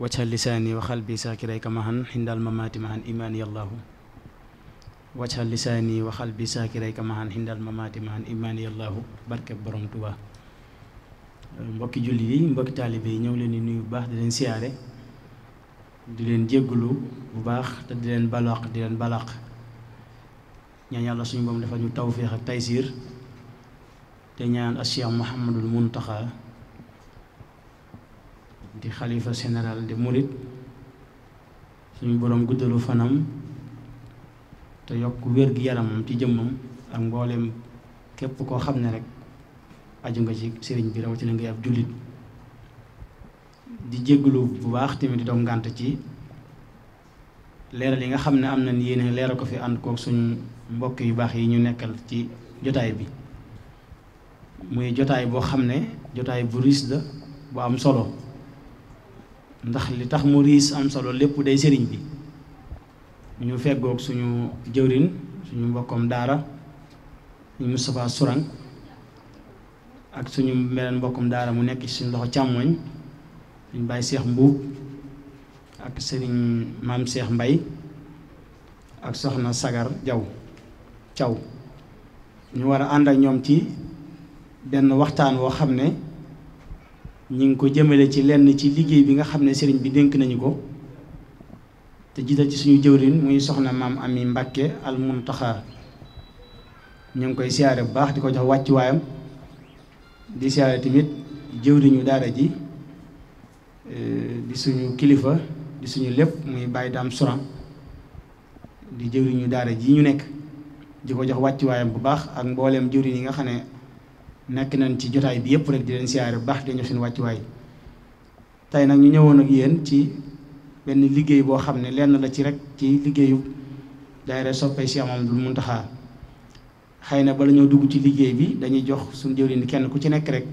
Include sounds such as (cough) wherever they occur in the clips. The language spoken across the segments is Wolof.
wajhal lisaani wa qalbi saakirayka mahan xindal mamaati mahan imaani yallaahu wajhal lisaani wa qalbi saakirayka mahan xindal mamaati mahan imaani yallaahu barke borom Tuubaa mbokki julli yi mbokki taalibe yi ñëw leen di nuyu bu baax di leen siyaare di leen jéggulu bu baax te di leen balaq di leen balaq ñaan yàlla suñu boom dafa ñu tawféex ak taysiir te ñaan as Cheikh Mouhamadul Muntaxa di xalifa sénéral de murit suñu boroom guddalu fanam te yokk wér-gi-yaramam ci jëmmam ak mbooleem képp koo xam ne rek aju nga ci sëriñ bi rawatina ngay ab jullit di jégalu bu baax tamit di doog ngànt ci leeral yi nga xam ne am na yéene leeral ko fi ànd kook suñu mbokk yu baax yi ñu nekkal ci jotaay bi muy jotaay boo xam ne jotaay bu riis la bu am solo ndax li tax mu riis am solo lépp day sëriñ bi ñu feggoog suñu jëwrin suñu mbokkoom daara suñu Moustapha suran ak suñu meleen mbokkum daara mu nekk ci suñu loxo càmmoñ suñu Baye Cheikh Mbuub ak sëriñ maam seex Mbay ak soxna Sagar Jaw Caw ñu war a ànd ak ñoom ci benn waxtaan woo xam ne ñu ngi ko jëmale ci lenn ci liggéey bi nga xam ne sëriñ bi dénk nañu ko te jiital ci suñu jëwrin muy soxna maam ami Mbàkke al Muntaxa ñu ngi koy siyaare bu baax di ko jox waayam di siyaare tamit jëwriñu daara ji e, di suñu kilifa di suñu lépp muy bàyyi daam suran di jëwriñu daara ji ñu nekk di ko jox wàccuwaayam bu baax ak mbooleem jëwriñ yi nga xam ne nekk nañ ci jotaay bi yëpp rek di leen siyaare bu baax di leen jox seen wàccuwaay tey nag ñu ñëwoon ak yéen ci benn liggéey boo xam ne lenn la ci rek ci liggéeyu daayira soppee Cheikh Mamadou Mountakha xëy na bala dugg ci liggéey bi dañuy jox suñu jëwriñ kenn ku ci nekk rek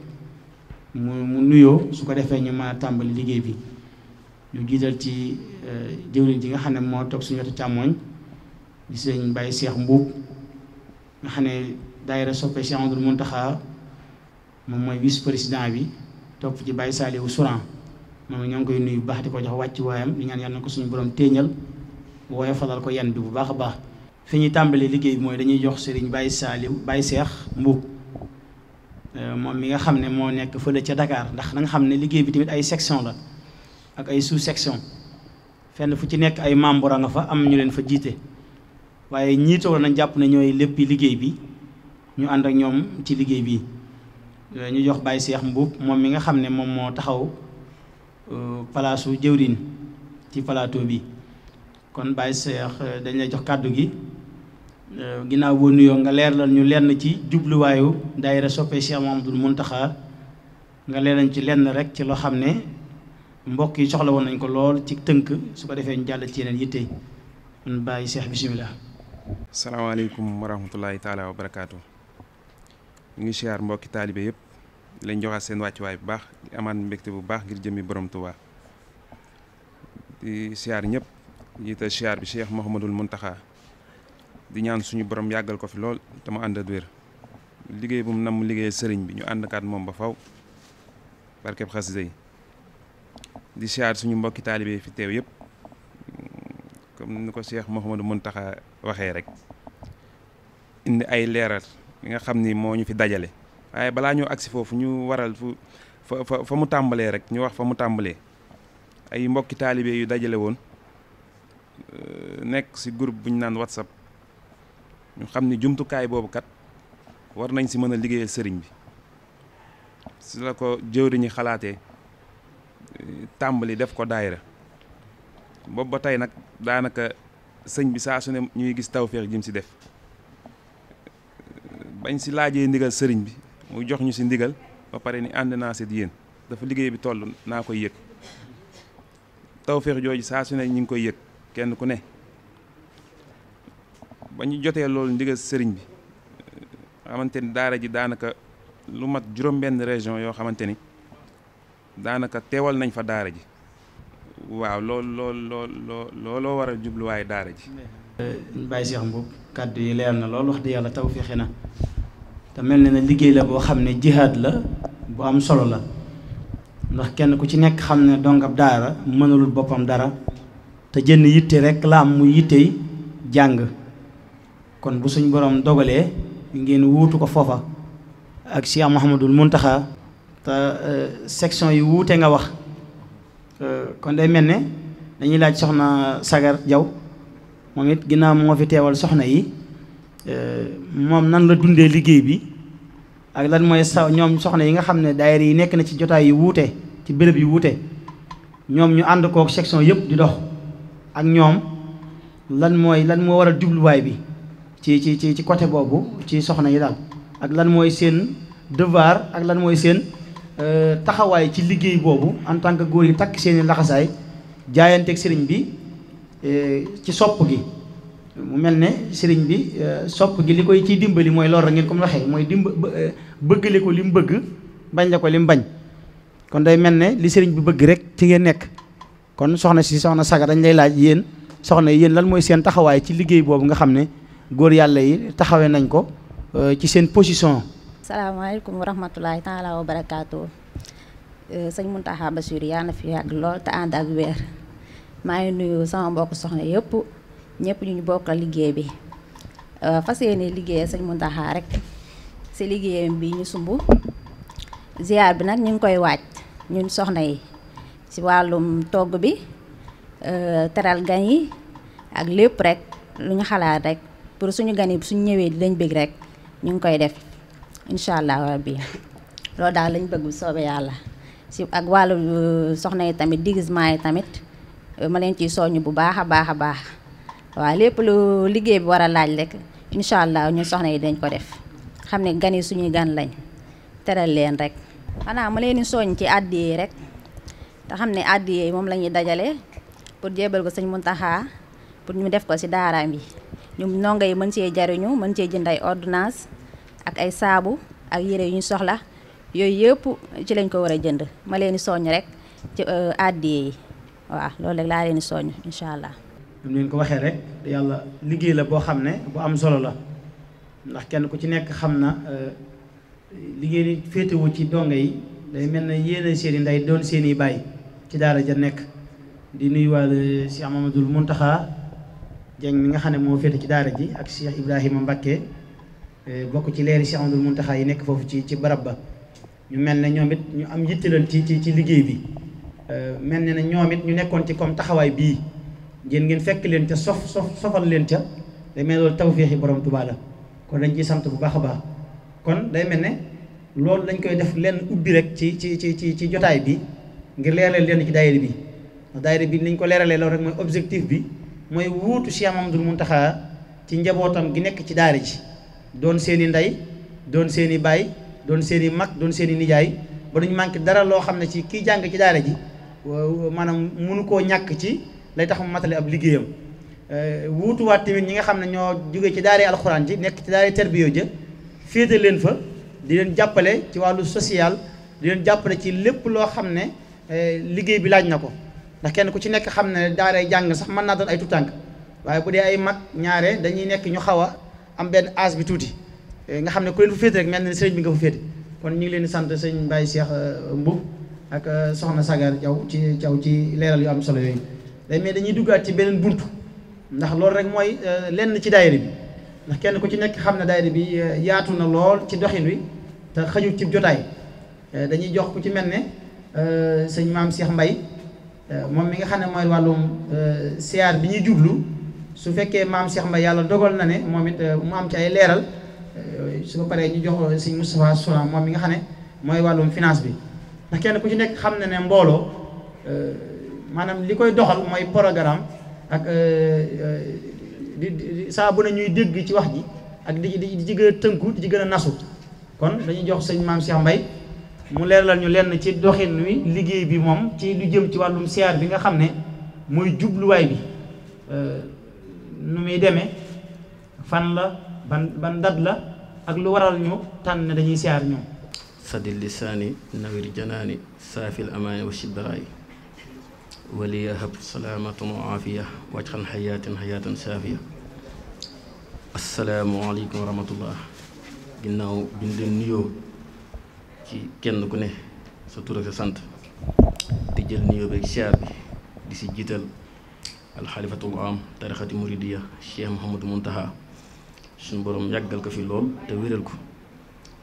mu mu nuyoo su ko defee ñu mën tàmbali liggéey bi ñu jiital ci euh, jëwriñ ji nga xam ne moo toog suñu wetu càmmooñ di sëñ Baye Cheikh Mbuub nga xam ne daayira soppee Cheikh Mamadou Mountakha moom mooy vice président bi topp ci Baye Saliou Souran moom ñoo ngi koy nuyu bu baax di ko jox wàcc waayam di ñaan yal na ko suñu borom téeñal wooye falal ko yan bi bu baax a baax fi ñu tàmbalee liggéey bi mooy dañuy jox Serigne Baye Saliou Baye Seex Mbuub euh, moom mi nga xam ne moo nekk fële ca dakaar ndax na nga xam ne liggéey bi tamit ay section la ak ay sous section fenn fu ci nekk ay membre a nga fa am ñu leen fa jiite waaye ñii toog nañ jàpp ne ñooy léppi liggéey bi ñu ànd ak ñoom ci liggéey bi Euh, ñu jox Baye Cheikh Mbuub moom mi nga xam ne moom moo taxaw euh, palaasu jëwriñ ci palaato bi kon Baye Cheikh euh, dañ lay jox kàddu gi ginnaaw boo nuyoo nga leerlal ñu lenn ci jubluwaayu daayira soppe Cheikh Mouhamadoul Mountakha nga leeral ci lenn rek ci loo xam ne mbokk yi soxla woon nañ ko lool ci tënk su ko defee ñu jàll ci yeneen yitte kon Baye Cheikh bisimilah. salaamaaleykum wa rahmatulahi taala wa barakaatu. ñu ngi siyaar mbokki taalibe yëpp. lañ leen joxaat seen wàccuwaay bu baax amaat mbégte bu baax ngir jëmmi borom Tuubaa di siyaar ñëpp jiital siyaar bi Cheikh mën Mountakha di ñaan suñu borom yàggal ko fi lool te mu ànd wér liggéey bu mu namm liggéeyal sëriñ bi ñu ànd kaat moom ba faw barkeb xasida yi di siyaar suñu mbokki taalibe fi teew yëpp comme ni ko Cheikh Mouhamadul Mountakha waxee rek indi ay leeral yi nga xam ni moo ñu fi dajale. waaye balaa ñoo agsi foofu ñu waral fu fa fa fa mu tàmbalee rek ñu wax fa mu tàmbalee ay mbokki taalibe yu dajale woon euh, nekk ci groupe bu ñu naan whatsapp ñu xam ni jumtukaay boobu kat war nañ si mën a liggéeyal sëriñ bi ci la ko jëwriñu xalaatee euh, tàmbali def ko daayira boobu ba tey nag daanaka sëñ bi saa su ne ñuy gis tawféex jim ci def bañ ci laajee ndigal sëriñ bi mu jox ñu si ndigal ba pare ni ànd naa seet yéen dafa liggéey bi toll naa koy yëg tawféex jooju saa su ne ñu ngi koy yëg kenn ku ne ba ñu jotee loolu ndigal sëriñ bi xamante ni daara ji daanaka lu mat juróom-benn région yoo xamante ni daanaka teewal nañ fa daara ji waaw loolu loolu loolu looloo war a jubluwaay daara ji. Baye Cheikh Mboup kàddu yi leer na loolu wax dëgg yàlla tawféexe na. te mel na ne liggéey la boo xam ne jihaad la bu am solo la ndax kenn ku ci nekk xam ne dongab daara mënalul boppam dara te jënn yitte rek la am mu yittey jàng kon bu suñ borom dogalee ngeen wuutu ko foofa ak Cheikh Mouhamadul Mountakha te euh, section yi wuute nga wax euh, kon day mel ne dañuy laaj soxna Sagar Jaw moom it ginnaaw moo fi teewal soxna yi Euh, moom nan la dundee liggéey bi ak lan mooy sa ñoom soxna yi nga xam ne daayira yi nekk na ci jotaay yu wuute ci béréb yu wuute ñoom ñu ànd kook section yëpp di dox ak ñoom lan mooy lan moo war a jubluwaay bi ci ci ci ci côté boobu ci soxna yi daal ak lan mooy seen devoir ak lan mooy seen euh, taxawaay ci liggéey boobu en tant que góor yi takk seeni laxasaay jaayanteeg sëriñ bi euh, ci sopp gi mu mel ne sëriñ bi euh, sopp gi li koy ciy dimbali mooy loolu rek ngeen ko mu waxee mooy dimb euh, bëggale ko li mu bëgg bañ la ko li mu bañ kon day mel ne li sëriñ bi bëgg rek ci ngeen nekk kon soxna si soxna saga dañ lay laaj yéen soxna yéen lan mooy seen taxawaay ci liggéey boobu nga xam ne góor yàlla yi taxawee nañ ko euh, ci seen position salaamaaleykum wa rahmatulahi taala wa barakaatu sañ Muntaxa Basiru yaa na fi yàgg lool te ànd ak weer maa ngi nuyu sama mbokk ñëpp ñu ñu bokkal liggéey bi euh, fas yéene liggéeyee sëñ Muntaxa rek si liggéeyam bi ñu sumb ziar bi nag ñu ngi koy waaj ñun soxna yi si wàllum togg bi euh, teral gan yi ak lépp rek lu ñu xalaat rek pour suñu gan yi suñu ñëwee lañ bëgg rek ñu ngi koy def incha allah rabbi loolu daal lañ bëgg soobe yàlla si ak wàllu euh, soxna yi tamit déguisement yi tamit ma leen ciy soññ bu baax a baax a baax. waaw lépp lu liggéey bi war a laaj rek incha allah ñu soxna yi dañ ko def xam ne gan yi suñuy gan lañ teral leen rek. xanaa ma leen soñ ci àddiyee rek te xam ne àddiyee moom la ñuy dajale pour jébal ko sëñ Muntaxa pour ñu def ko si daaraam yi ñun ndongo yi mën cee jariñu mën cee jënd ay ordonnance ak ay saabu ak yére yu ñu soxla. yooyu yëpp ci lañ ko war a jënd ma leen di soññ rek ci euh, àddiyee yi waaw loolu rek laa leen di soññ incha allah. lu leen ko waxee rek yàlla liggéey la boo xam ne bu am solo la ndax kenn ku ci nekk xam na euh, liggéey li féetewu ci donga yi day mel na yéen seen nday doon seen i bàyyi ci daara ja nekk di nuyu waale Cheikh Mamadou Mountakha nga xam ne moo féete ci daara ji ak Cheikh Ibrahima Mbacké euh, bokk ci leeri Cheikh Mamadou Mountakha yi nekk foofu ci ci barab ba ñu mel ne ñoom ñu am yittalal ci ci liggéey bi euh, mel ne ne ñoom ñu nekkoon ci comme taxawaay bii ngeen ngeen fekk leen ca sof sof sofal leen ca day mel loolu tawféexi borom Tuubaa la kon dañ ciy sant bu baax a baax kon day mel ne loolu dañ koy def lenn ubbi rek ci ci ci ci ci jotaay bi ngir leeral leen ci dayre bi daayira bi niñ ko leeralee loolu rek mooy objectif bi mooy wuutu Cheikh Mamadou Mountakha ci njabootam gi nekk ci daara ji doon seen i ndey doon seen i baay doon seen i mag doon seen i nijaay ba duñ manqué dara loo xam ne ci kii jàng ci daara ji maanaam mënu koo ñàkk ci lay tax mu matale ab liggéeyam euh, wuutuwaat tamit ñi nga xam ne ñoo jóge ci daaree alxuraan ji nekk ci daaree terbiyo ja féete leen fa di leen jàppale ci wàllu social di leen jàppale ci lépp loo xam ne euh, liggéey bi laaj na ko ndax kenn ku ci nekk xam ne daaree jàng sax mën naa doon ay tutànk waaye bu dee ay mag ñaare dañuy nekk ñu xaw a am benn âge bi tuuti euh, nga xam ne ku leen fa féete rek mel na sëriñ bi nga fa féete kon ñu ngi leen di sant sëñ Mbaye Cheikh Mboub ak soxna Sagar Diaw ci Diaw ci leeral yu am solo yooyu day eh, mais dañuy duggaat ci beneen bunt ndax loolu rek mooy eh, lenn ci daayira bi ndax kenn ku ci nekk xam ne daayira bi eh, yaatu na lool ci doxin wi te xajul ci jotaay dañuy jox ku ci mel ne sëñ maam Mbay moom mi nga xam ne mooy wàllum siyaar bi ñuy jublu su fekkee maam Cheikh Mbay yàlla dogal na ne moom it mu ci ay leeral su paree ñu jox sëñ Moustapha moom mi nga xam ne mooy wàllum finance bi ku ci nekk xam na ne mbooloo maanaam li koy doxal mooy programme ak euh, euh, di saa bu ne ñuy dégg ci wax ji ak di di ci gën tënku di ci gën a nasu kon dañu jox sëñ maam Cheikh Mbaye mu leeralal ñu lenn ci doxin wi liggéey bi moom ci lu jëm ci wàllum siyaar bi nga xam ne mooy jubluwaay bi euh, nu muy demee fan la ban ban dat la ak lu waral ñu tànn dañuy siyaar ñoom sadil lisaani nawir janaani saafil amaani wa shibraay waliyahab salaamatan wa aafiya wajxan xayaatin xayaatan saafiya asalaamualeykum wa rahmatullah ginnaaw bi ñu ci kenn ku ne sa tur sa sant te jël nuyoo beeg siyaar bi di si jiital alxalifatul am tarixati muridiya cheikh Mouhamadou Mountakha suñu borom yàggal ko fi lool te wéral ko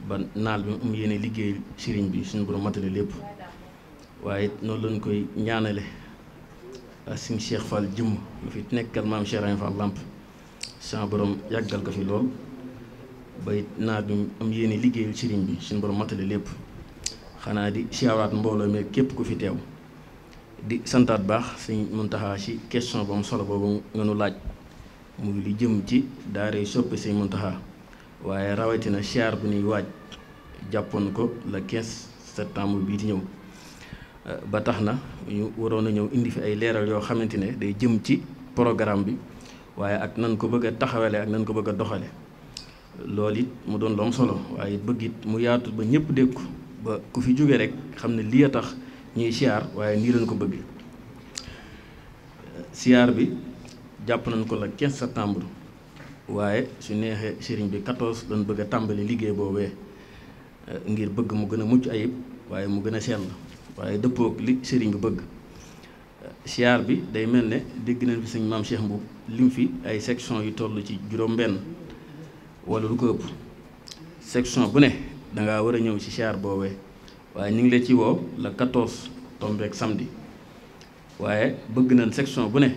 ba naal bi mu yéene liggéey sëriñ bi suñu borom matale lépp waaye noonu lañ koy ñaanale Sëñ Cheikh Fall jëmm mu fi nekkal maam Cheikh Ibrahima Fall Lamp sama borom yàggal ko fi lool bay naa bi am yéene liggéeyal sëriñ bi suñu borom matale lépp xanaa di siyaaraat mbooloo mi képp ku fi teew di santaat baax Sëñ Muntaxa si question bu am solo boobu nga nu laaj mu lu jëm ci daara soppe Sëñ Muntaxa waaye rawatina siyaar bu ñuy waaj jàppoon ko le 15 septembre bii di ñëw ba tax na ñu waroon a ñëw indi fi ay leeral yoo xamante ne day jëm ci programme bi waaye ak nan ko bëgg a taxawale ak nan ko bëgg a doxale lool it mu doon loom solo waaye bëgg it mu yaatu ba ñëpp dégg ko ba ku fi jóge rek xam ne lii a tax ñuy siyaar waaye nii lañ ko bëgg siyaar bi jàpp nañ ko la 15 septembre waaye su neexee sëriñ bi 14 dañ bëgg a tàmbali liggéey boobee ngir bëgg mu gën a mucc ayib waaye mu gën a sell waaye dëppoo ak li sëriñ bi bëgg siyaar bi day mel ne dégg nañ fi sëñ maam Cheikh Mbuub lim fi ay section yu toll ci juróom-benn wala lu ko ëpp section bu ne dangaa war a ñëw ci siyaar boobee waaye ñu ngi la ci woo la 14 tombeek samedi waaye bëgg nañ section bu ne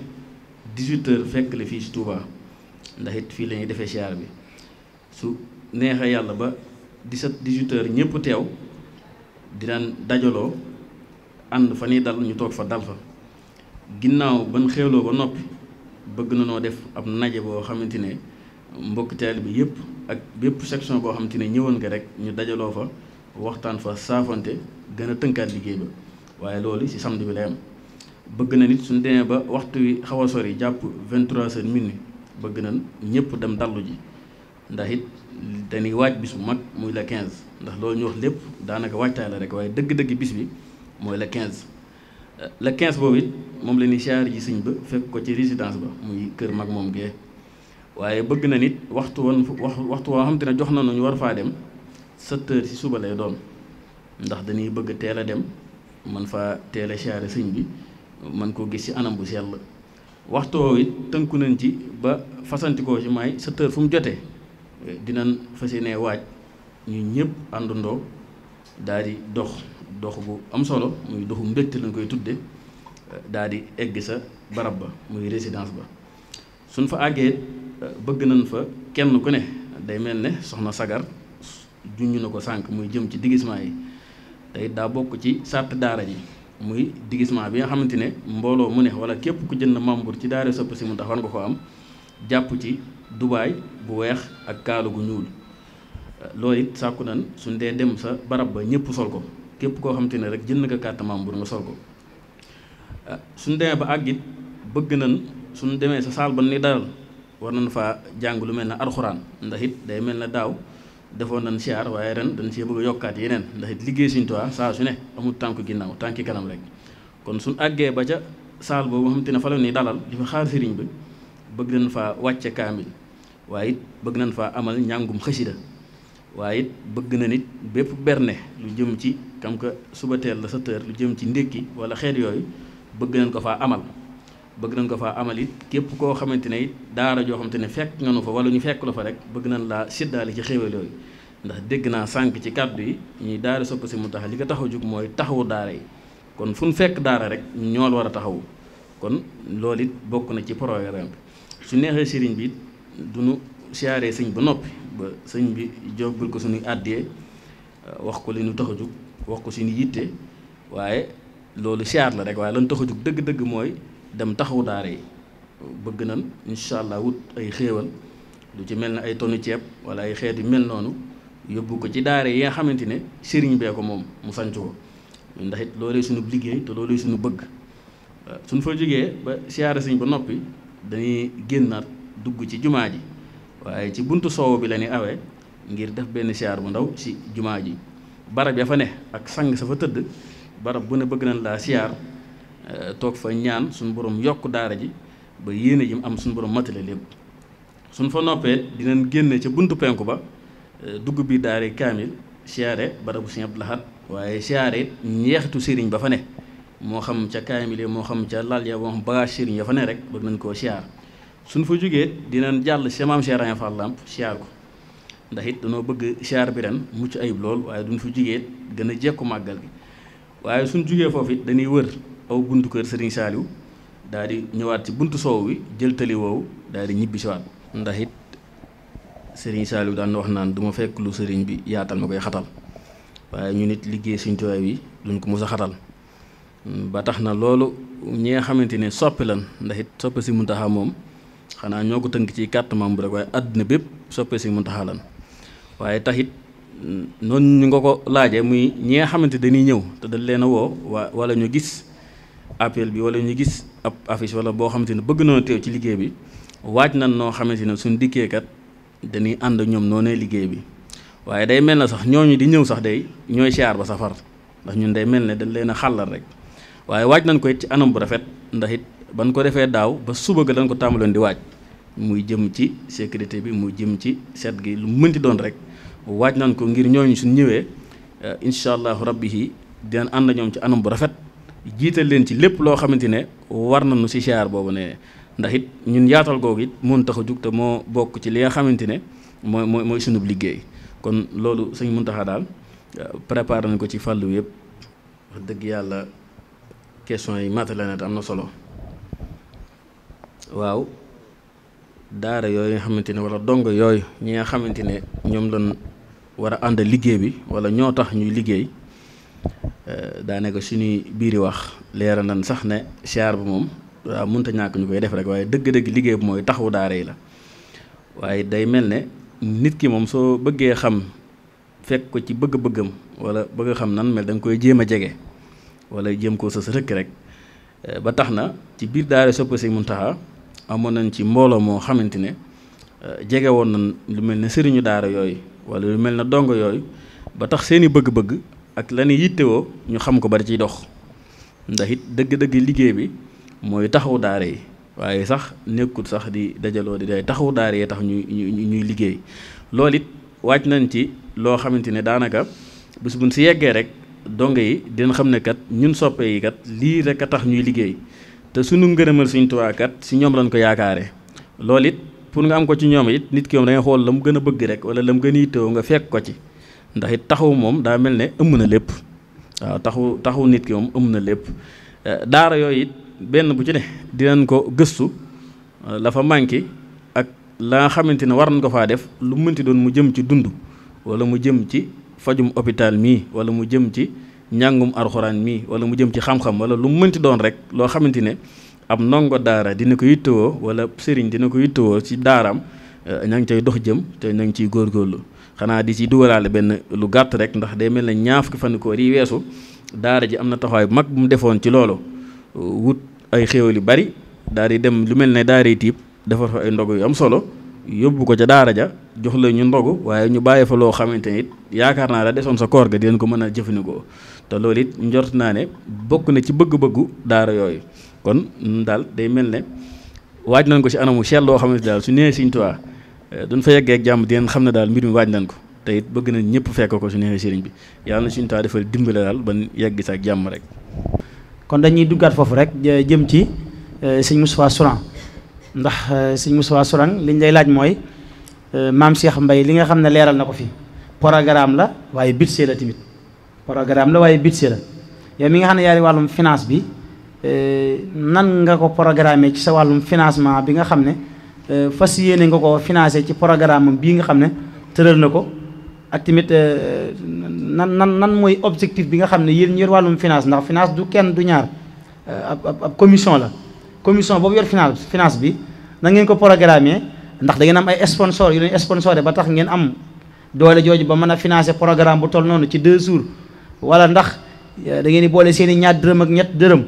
18h fekk la fii ci Touba ndax it fii lañuy defee siyaar bi su neexee yàlla ba 17 18h ñëpp teew daan dajaloo. ànd fa ñuy dal ñu toog fa dal fa ginnaaw ban xeeloo ba noppi bëgg na noo def ab naje boo xamante ne mbokk taal bi yëpp ak bépp section boo xamante ne ñëwoon nga rek ñu dajaloo fa waxtaan fa saafante gën a tënkaat liggéey ba waaye loolu ci samedi bi lay bëgg na nit suñu dee ba waxtu wi xaw a sori jàpp 23h minuit bëgg na ñëpp dem dallu ji ndax it dañuy waaj bis bu mag muy la 15 ndax loolu ñu wax lépp daanaka waajtaay la rek waaye dëgg-dëgg bis mooy le quinze le quinze boo it moom la ñuy siyaar ji sëñ ba fekk ko ci résidence ba muy kër mag moom gee waaye bëgg na nit waxtu woon wax waxtu woo xam te ne jox na ñu war faa dem 7 ci suba lay doon ndax dañuy bëgg teel a dem man faa teel a siyaare sëñ bi man koo gis ci anam bu sell waxtu woowu it tënku nañ ci ba fasantikoo ci may 7 heures fu mu jotee dinañ fas yéenee waaj ñu ñëpp àndandoo daal di dox. dox bu am solo muy doxu mbégte lañ koy tudde daal di egg sa barab ba muy résidence ba suñ fa àggee bëgg nañ fa kenn ku ne day mel ne soxna sagar junñu na ko sànq muy jëm ci digisement yi tey daa bokk ci sàtt daara ji muy digisement bi nga xamante ne mbooloo mu ne wala képp ku jënd membre ci daare sëpp si mu tax war nga ko am jàpp ci dubaay bu weex ak kaalu gu ñuul loolu it sàkku nan suñ dee dem sa barab ba ñëpp sol ko képp koo xamante ne rek jënd ko carte membre nga sol ko ah, suñ demee ba àggit bëgg nañ suñ demee sa saal ba ni dalal war na nañ faa jàng lu mel na alxuraan ndax it day mel ne daaw defoon nañ siyaar waaye ren dañ see bëgg yokkaat yeneen ndaxit it liggéey suñ tuwaa saa su ne amul tànk ginnaaw tànki kanam rek kon suñ àggee ba ca saal boobu xamante ne fa la ni dalal di fa xaar sëriñ bi bëgg nañ faa wàcce kaamil waaye it bëgg nañ faa amal njàngum xasida waaye bëgg na nit bépp berne lu jëm ci kam que suba teel la sept heures lu jëm ci ndékki wala xeet yooyu bëgg nañ ko faa amal bëgg nañ ko faa amal it képp koo xamante ne it daara joo xamante ne fekk nga nu fa wala ñu fekk la fa rek bëgg nañ laa siddaale ci xéewal yooyu ndax dégg naa sànq ci kàddu yi ñuy daara sopp si mu tax li ko tax a mooy taxawu daara yi kon fu ñu fekk daara rek ñool war a taxawu kon loolu it bokk na ci programme bi su neexee sëriñ bi du nu siyaaree sëñ ba noppi ba sëñ bi jógul ko suñuy àddee wax ko li ñu tax a jug wax ko suñu yitte waaye loolu siyaar la rek waaye lan tax a jug dëgg-dëgg mooy dem taxawu daara yi bëgg nan incha allah wut ay xéewal lu ci mel ne ay tonu ceeb wala ay xeet yu mel noonu yóbbu ko ci daare yi nga xamante ne sëriñ bee ko moom mu sanc ko ndax it loolee suñu liggéey te loolu suñu bëgg suñ fa jógee ba siyaare sëñ ba noppi dañuy génnaat dugg ci jumaa ji waaye ci buntu soow bi lanuy ñuy ngir def benn siyaar bu ndaw ci jumaa ji barab ya fa ne ak sang sa fa tëdd barab bu ne bëgg nañ laa siyaar eh, toog fa ñaan suñu borom yokk daara ji ba yéene ji mu am suñu borom matale lépp suñ fa noppee dinañ génne ca buntu penku ba eh, dugg bi daare kaamil siyaare barabu Sëñ Abdul Ahad waaye siyaare it ñeexitu sëriñ ba fa moo xam ca kaamil moo xam ca lal ya moo xam bagage sëriñ ya fa ne rek bëgg nañ koo siyaar suñu fa jógee dinañ jàll sa maam Cheikh Ibra Fall Lamp siyaar ko ndax it danoo bëgg siyaar bi ren mucc ayib lool waaye duñ fa jugee gën a jekku màggal bi waaye suñu jugee foofu it dañuy wër aw buntu kër Serigne Saliou daal di ñëwaat ci buntu soow wi jël tali daal di ñibbi ndax it Serigne Saliou daan wax naan du ma fekk lu sëriñ bi yaatal ma koy xatal waaye ñu nit liggéey suñ tuwaay wi duñ ko mos a xatal ba tax na loolu ñi nga xamante ne soppi lan ndax it soppe si muntaxaa moom xanaa ñoo ko tënk ci carte membre rek waaye àdduna bépp soppee si muntaxaa lan waaye taxit noonu ñu nga ko laajee muy ñi nga xamante dañuy ñëw te dañ leen a woo waa wala ñu gis appel bi wala ñu gis ab affiche wala boo xamante ne bëgg na teew ci liggéey bi waaj nan noo xamante ne suñ dikkee kat dañuy ànd ñoom noonee liggéey bi waaye day mel na sax ñooñu di ñëw sax day ñooy siyaar ba safar ndax ñun day mel ne dañ leen a xàllal rek waaye waaj nañ ko it ci anam bu rafet ndaxit it ban ko defee daaw ba suba ga dañ ko leen di waaj. muy jëm ci sécurité bi mu jëm ci set gi lu mu mënti doon rek waaj nañ ko ngir ñooñu suñ ñëwee eh, incha allahu rabbi yi dinañ ànd ñoom ci anam bu rafet jiital leen ci lépp loo xamante ne war na nañu si siyaar boobu ne ndax it ñun yaatal googu it mun tax a jug te moo bokk ci li nga xamante ne mooy mooy mooy sunub liggéey kon loolu sëñ taxa daal eh, préparé nañ ko ci fàllu yëpp wax dëgg yàlla question yi matt na te am na solo waaw daara yooyu nga xamante ne wala dong yooyu ñi nga xamante ne ñoom lañ war a ànd liggéey bi wala ñoo tax ñuy liggéey euh, daanaka suñuy biiri wax leera nan sax ne siyaar bi moom waaw mënta ñàkk ñu koy def rek waaye dëgg-dëgg liggéey bi mooy taxawu daara yi la waaye day mel ne nit ki moom soo bëggee xam fekk ko ci bëgg-bëggam wala bëgg xam nan mel da koy jéem a jege wala jéem koo sës rëkk rek euh, ba tax na ci biir daara Sopé Serigne Mountakha amoon nañ ci mbooloo moo xamante ne euh, jege woon nañ lu mel ne sëriñu daara yooyu wala lu mel ne dongo yooyu ba tax seeni bëgg-bëgg ak la ñuy yittewoo ñu xam ko ba da ciy dox ndax it dëgg-dëgg liggéey bi mooy taxawu daara yi waaye sax nekkul sax di dajaloo di day taxawu daara yi tax ñuy ñuy liggéey loolu it wàcc nañ ci loo xamante ne daanaka bés buñ si yeggee rek dongo yi dina xam ne kat ñun soppe yi kat lii rek a tax ñuy liggéey. te sunu ngërëmal Sëriñ Tuubaa kat si ñoom lañ ko yaakaare loolu it pour nga am ko ci ñoom it nit ki moom da xool la mu gën a bëgg rek wala la mu gën a yittewoo nga fekk ko ci ndax it taxaw moom daa mel ne ëmm na lépp waaw taxu taxu nit ki moom ëmm na lépp eh, daara yooyu it benn bu ci ne dinañ ko gëstu eh, la fa manqué ak la nga xamante ne war nañ ko faa def lu mënti doon mu jëm ci dund walla mu jëm ci fajum hôpital mii wala mu jëm ci njàngum arxuraan mi wala mu jëm ci xam-xam wala lu mu mënti doon rek loo xamante ne ab ndongo daara dina ko yittewoo wala sëriñ dina ko yittewoo ci daaraam eh, ña ngi cay dox jëm te ña ngi góor góorgóorlu xanaa di ci dugalaale benn lu gàtt rek ndax day mel ne ñaar fukki fan yi weesu daara ji am na taxawaay bu mag bu mu defoon ci loolu eh, wut ay xéewal yu bari daal di dem lu mel ne daara yi tiib defar fa ay ndogu yu am solo yóbbu ko ca daara ja jox la ñu ndogu waaye ñu bàyyi fa loo xamante ni yaakaar naa la desoon sa koor ga dinañ ko mën a jëfandikoo te loolu it njort naa ne bokk na ci bëgg-bëggu daara yooyu kon nun daal day mel ne waaj nañ ko ci anamu seet loo xamante daal su nee Sëriñ Tuubaa eh, duñ fa yeggee ak jàmm di leen xam ne daal mbir mi waaj nañ ko te it bëgg nañ ñëpp fekk ko su nee sëriñ bi yàlla na Sëriñ Tuubaa defal dimbale daal ban yegg ak jàmm rek. kon dañuy duggaat foofu rek jëm ci eh, sëñ Moustapha Sourang ndax eh, sëñ Moustapha Sourang liñ lay laaj mooy maam Cheikh Mbaye li nga xam ne leeral na ko fi programme la waaye budget la tamit. programme la waaye budget la yow mi nga xam ne yaari wàllum finance bi eh, nan nga ko programme ci sa wàllum financement bi nga xam ne eh, fas yéene nga ko financé ci programme bii nga xam ne tëral na ko ak tamit eh, nan nan nan mooy objectif bi nga xam ne yéen yor wàllum finance ndax finance du kenn du ñaar ab ab commission la commission boobu yor finance finance bi na ngeen ko programmer ndax da ngeen am ay sponsor yu leen sponsoré ba tax ngeen am doole jooju ba mën a finance programme bu toll noonu ci deux jours wala ndax eh, da ngeen di boole seen i ñaar dërëm ak ñett dërëm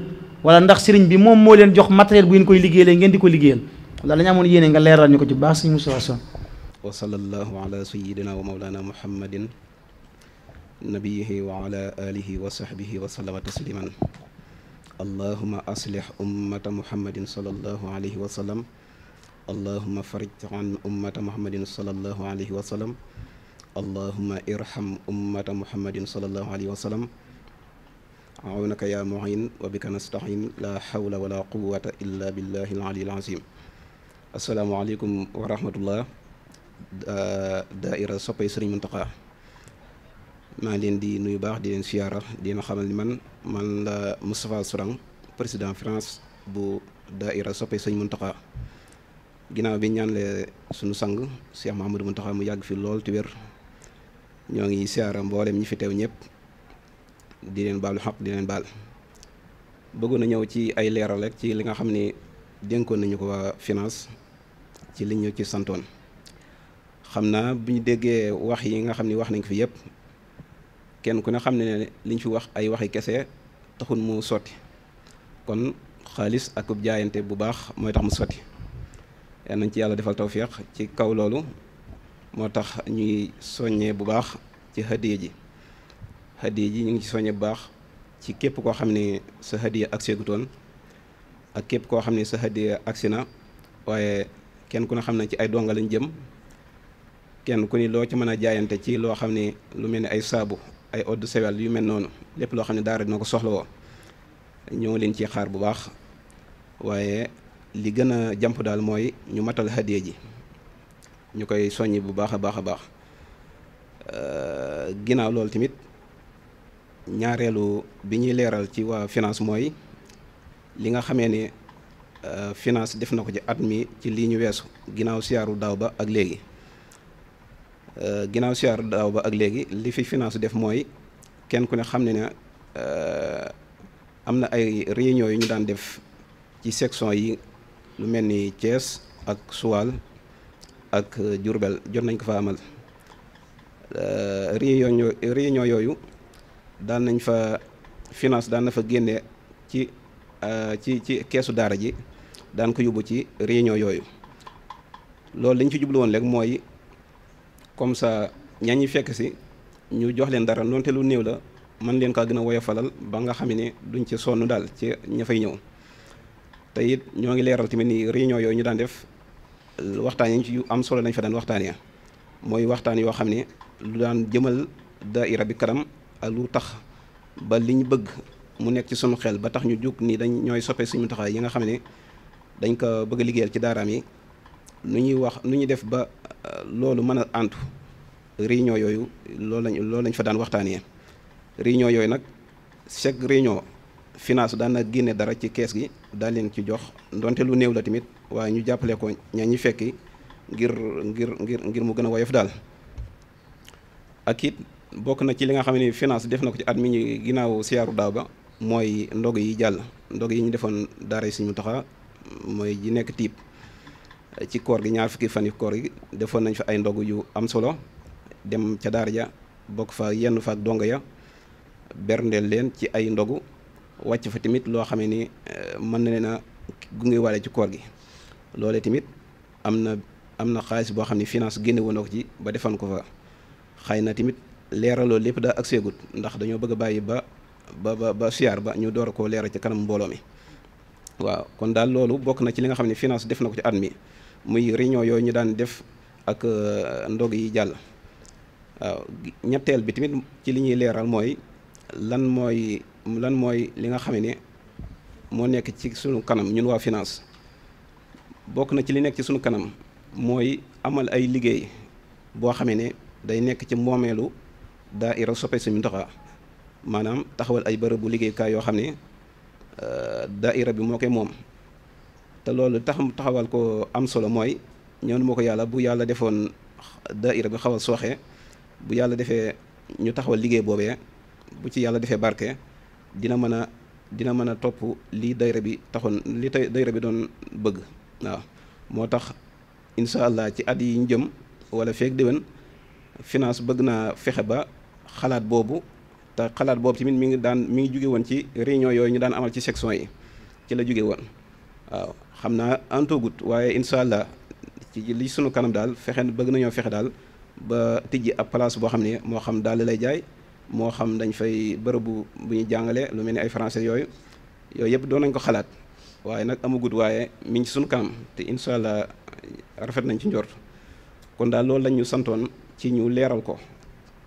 wala ndax sëriñ bi moom moo leen jox matériel bu ngeen koy liggéeyal ngeen di ko liggéeyal loolu dañu amoon yéene nga leeral ñu ko ci baax suñu Moustapha Sow wa sallallahu ala sayyidina wa mawlana muhammadin nabiyihi wa ala alihi wa sahbihi wa sallama tasliman allahuma aslih ummata muhammadin sallallahu alayhi wa sallam allahuma farij an ummata muhammadin sallallahu alayhi wa sallam allahuma irham ummata muhammadin sallallahu alayhi wa sallam awnaka ya muhin wa bika nastahin la hawla wala quwata illa billahi alali alazim asalaamualeykum wa rahmatullah daaira soppay sëriñ Muntaxa maa ngi leen di nuyu baax di leen siyaara di leen xamal ni man man la Moustapha Sourang président France bu daaira soppay sëriñ Muntaxa ginnaaw bi ñaanle sunu sang Cheikh Mahamadou Muntaxa mu yàgg fi lool ti wér ñoo ngi siyaara mboolem ñi fi teew ñëpp di leen baalu xaq di leen baal bëggoon na ñëw ci ay leeral rek ci li nga xam ni dénkoon nañu ko waa finance ci li ñu ci santoon xam naa bu ñu déggee wax yi nga xam ni wax nañ ko fi yëpp kenn ku ne xam ne ne liñ fi wax ay waxi kese taxul mu sotti kon xaalis ak jaayante bu baax mooy tax mu sotti nañ ci yàlla defal tawféex ci kaw loolu moo tax ñuy soññee bu baax ci hadiya ji hadiya ji ñu ngi ci soññee bu baax ci képp koo xam ni sa hadiya agsi gutoon ak képp koo xam ne sa hadiya na waaye kenn ku ne xam ne ci ay donga lañ jëm kenn ku ne loo ci mën a jaayante ci loo xam ne lu mel ni ay saabu ay odd sewel yu mel noonu lépp loo xam ne daara dina ko soxla woo ñoo leen ci xaar bu baax waaye li gën a jàmp daal mooy ñu matal hadiya ji ñu koy soññi bu baax a baax a baax euh, ginnaaw loolu tamit ñaareelu bi ñuy leeral ci waa finance mooy li nga xamee ne euh, finance def na ko ci at mi ci lii ñu weesu ginnaaw siyaaru daaw ba ak léegi euh, ginnaaw siyaaru daaw ba ak léegi li fi finance def mooy kenn ku ne xam ne ne am na ay réunion yu ñu daan def ci section yi lu mel ni Thiès ak Suwal ak euh, Diourbel jot nañ ko fa amal euh, réunion réunion yooyu daan nañ fa finance daan na fa génne ci euh, ci ci keesu daara ji daan ko yóbbu ci réunion yooyu loolu lañ ci jublu woon rek mooy comme sa ñaa ñi fekk si ñu jox leen dara noonte lu néew la mën leen kaa gën a woyofalal ba nga xam ni duñ ci sonn daal ci ña fay ñëw te it ñoo ngi leeral tamit nii réunion yooyu ñu daan def waxtaan yi ci yu am solo lañ fa daan waxtaanee mooy waxtaan yoo xam ne lu daan jëmal daaira bi kanam ak lu tax ba li ñu bëgg mu nekk ci sunu xel ba tax ñu jóg nii dañ ñooy soppee suñu taxawaay yi nga xam ne dañ ko bëgg a liggéeyal ci daaraam yi nu ñuy wax lu ñuy def ba euh, loolu mën a antu réunion yooyu loolu lañ loolu lañ fa daan waxtaan waxtaanee réunion yooyu nag chaque réunion finance daan na génne dara ci kees gi daan leen ci jox ndonte lu néew la tamit. waa ñu jàppale ko ña ñi fekki ngir ngir ngir ngir mu gën a woyof daal ak it bokk na ci li nga xam ne finance def na ko ci at mi ñu ginnaaw siyaaru daaw ba mooy ndog yi jàll ndog yi ñu defoon daara suñu taxa mooy ji nekk tiib ci koor gi ñaar fukki fan yi koor gi defoon nañ fa ay ndogu yu am solo dem ca daar ja bokk fa yenn fa ak dong ya berndeel leen ci ay ndogu wàcc fa tamit loo xam ne ni eh, mën na leen a gunge waale ci koor gi loole tamit am na am na xaalis boo xam ne finance génne na ko ci ba defan ko fa xëy na tamit leeraloo lépp daa ak seegut ndax dañoo bëgg a bàyyi ba ba ba ba ba ñu door ko leeral ci kanam mbooloo mi waaw kon daal loolu bokk na ci li nga xam ne finance def na ko ci at mi muy réunion yooyu ñu daan def ak euh, ndog yi jàll waaw ñetteel bi tamit ci li ñuy leeral mooy lan mooy lan mooy li nga xam ne moo nekk ci sunu kanam ñun waa finance bokk na ci li nekk ci sunu kanam mooy amal ay liggéey boo xamee ne day nekk ci moomeelu daa daaira soppe Sëriñ ndoxa maanaam taxawal ay bërëbu liggéeykaay yoo xam ne euh, daaira bi moo koy moom te loolu tax taxawal ko am solo mooy ñoonu moo ko yàlla bu yàlla defoon daaira bi xaw a sooxe bu yàlla defee ñu taxawal liggéey boobee bu ci yàlla defee barke dina mën a dina mën a topp lii dayra bi taxoon li tay dayra bi doon bëgg waaw moo tax incha allah ci at yi ñu jëm wala feek déwén finance bëgg naa fexe ba xalaat boobu te xalaat boobu tamit mi ngi daan mi ngi jóge woon ci réunion yooyu ñu daan amal ci section yi ci la jóge woon waaw xam naa antogut waaye incha allah ci li sunu kanam daal fexe bëgg nañoo fexe daal ba tijji ab place boo xam ne moo xam daal lay jaay moo xam dañ fay bërëbu bu ñu jàngale lu mel ni ay français yooyu yooyu yëpp doon nañ ko xalaat waaye nag amagut waaye mi ci sunu kanam te incha allah rafet nañ ci njort kon daal loolu lañ santoon ci ñu leeral ko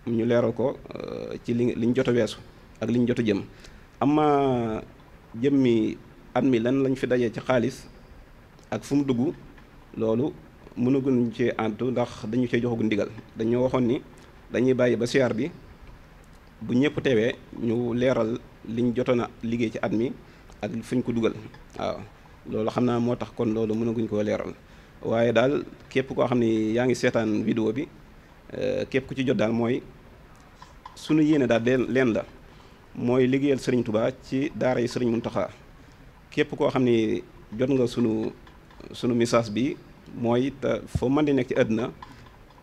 ñu leeral ko euh, ci li liñ jot a weesu ak liñ jot jëm amma jëmmi at mi lan lañ fi dajee ci xaalis ak fu mu dugg loolu mënaguñ ci àntu ndax dañu cee joxagu ndigal dañoo waxoon ni dañuy bàyyi ba siyaar bi bu ñëpp teewee ñu leeral liñ jotoon na liggéey ci at mi ak fuñ ko dugal waaw loolu xam naa moo tax kon loolu mënaguñ koo leeral waaye daal képp koo xam ne yaa ngi seetaan vidéo bi euh, képp ku ci jot daal mooy sunu yéene daal leen la mooy liggéeyal sëriñ Touba ci daara yi sëriñ Mountakha képp koo xam ne jot nga sunu sunu message bi mooy te foo mën di nekk ci àdduna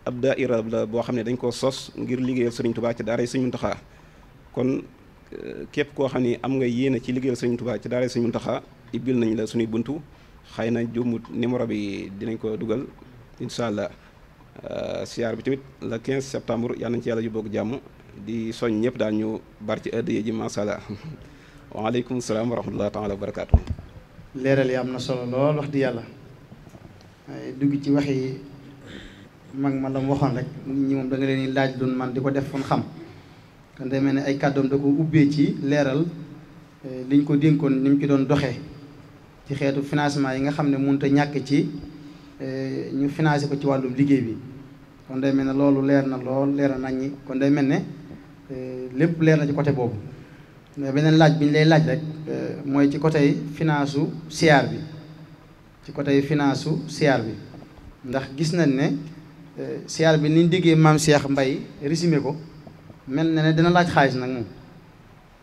ab daaira la boo xam ne dañ koo sos ngir liggéeyal sëriñ Touba ci daara yi sëriñ Mountakha kon képp koo xam ni am nga yéene ci liggéeyal sëñ Tuubaa ci daara sëñ Muntaxa ibbil nañu la suñuy buntu xay na jumut numéro bi dinañ ko dugal incha allah euh, siyaar bi tamit la 15 septembre yal nañ ci yàlla yu bokk jàmm di soñ ñëpp daal ñu bar ci ëdd yi ji macha allah (laughs) waaleykum salaam wa rahmatulah taala barakaatu. leeral yi am na solo lool wax di yàlla dugg ci waxi mag ma la mu waxoon rek ñi moom da nga leen laaj doon man di ko def fon xam. kon day mel ni ay kàddoom da ko ubbee ci leeral eh, liñ ko dénkoon ni mu ci doon doxee ci xeetu financement yi nga xam ne mënut a ñàkk ci eh, ñu financé ko ci wàllum liggéey bi kon day mel ne loolu leer na lool leer na ñi kon day mel ne eh, lépp leer na ci côté boobu mais beneen laaj bi ñu lay laaj rek mooy ci côté finance su siyaar bi ci côté finance su siyaar bi ndax gis nañ ne siyaar bi niñ déggee maam Cheikh Mbaye résumé ko mel na ne dina laaj xaalis nag moom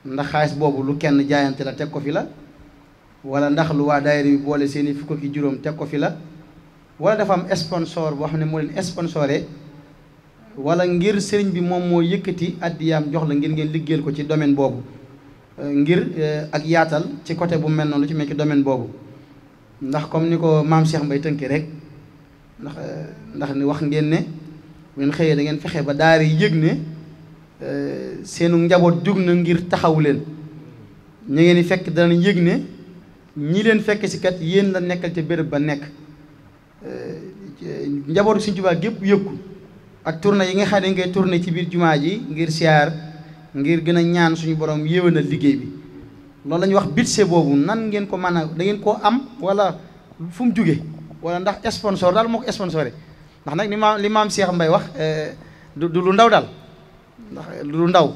ndax xaalis boobu lu kenn jaayante la teg ko fi la wala ndax lu waa daayira bi boole seeni fukk ak juróom teg ko fi la wala dafa am sponsor boo xam ne moo leen sponsoré wala ngir sëriñ bi moom moo yëkkati addiyaam jox la ngir ngeen liggéeyal ko ci domaine boobu euh, ngir euh, ak yaatal ci côté bu mel lu ci mel ci domaine boobu ndax comme ni ko maam Cheikh Mbaye tënkee rek ndax euh, ndax ni wax ngeen ne bu ngeen xëyee da ngeen fexe ba daara yi yëg ne Euh, seenu njaboot jóg na ngir taxawu leen ñu ngeen di fekk danañ yëg ne ñi leen fekk si kat yéen la nekkal ca béréb ba nekk euh, njabootu Sëñ Tuubaa gépp yëkku ak tournée yi nga xam ne ngay tournée ci biir jumaa ji ngir siyaar ngir gën a ñaan suñu borom na liggéey bi loolu la ñuy wax budget boobu nan ngeen ko mën a dangeen koo am wala fu mu jóge wala ndax sponsor daal moo ko sponsoré ndax nag li maam li maam Cheikh Mbaye wax euh, du lu ndaw daal ndax lu ndaw